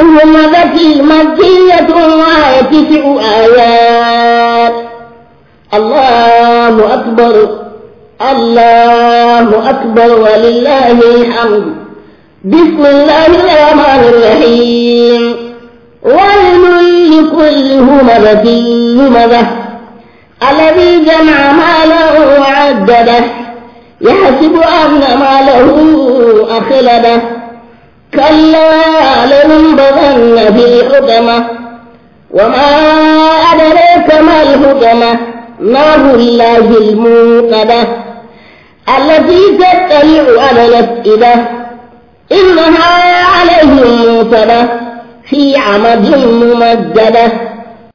همذتي مكية وتسع آيات الله أكبر الله أكبر ولله الحمد بسم الله الرحمن الرحيم والملك الهمذة الهمذة الذي جمع ماله وعدده يحسب أن ماله أخلده كلا لينبغن في الحطمة وما أدريك ما الحطمة نار الله الموقدة الذي تطلع على الأفئدة إنها عليهم موصدة في عمد ممددة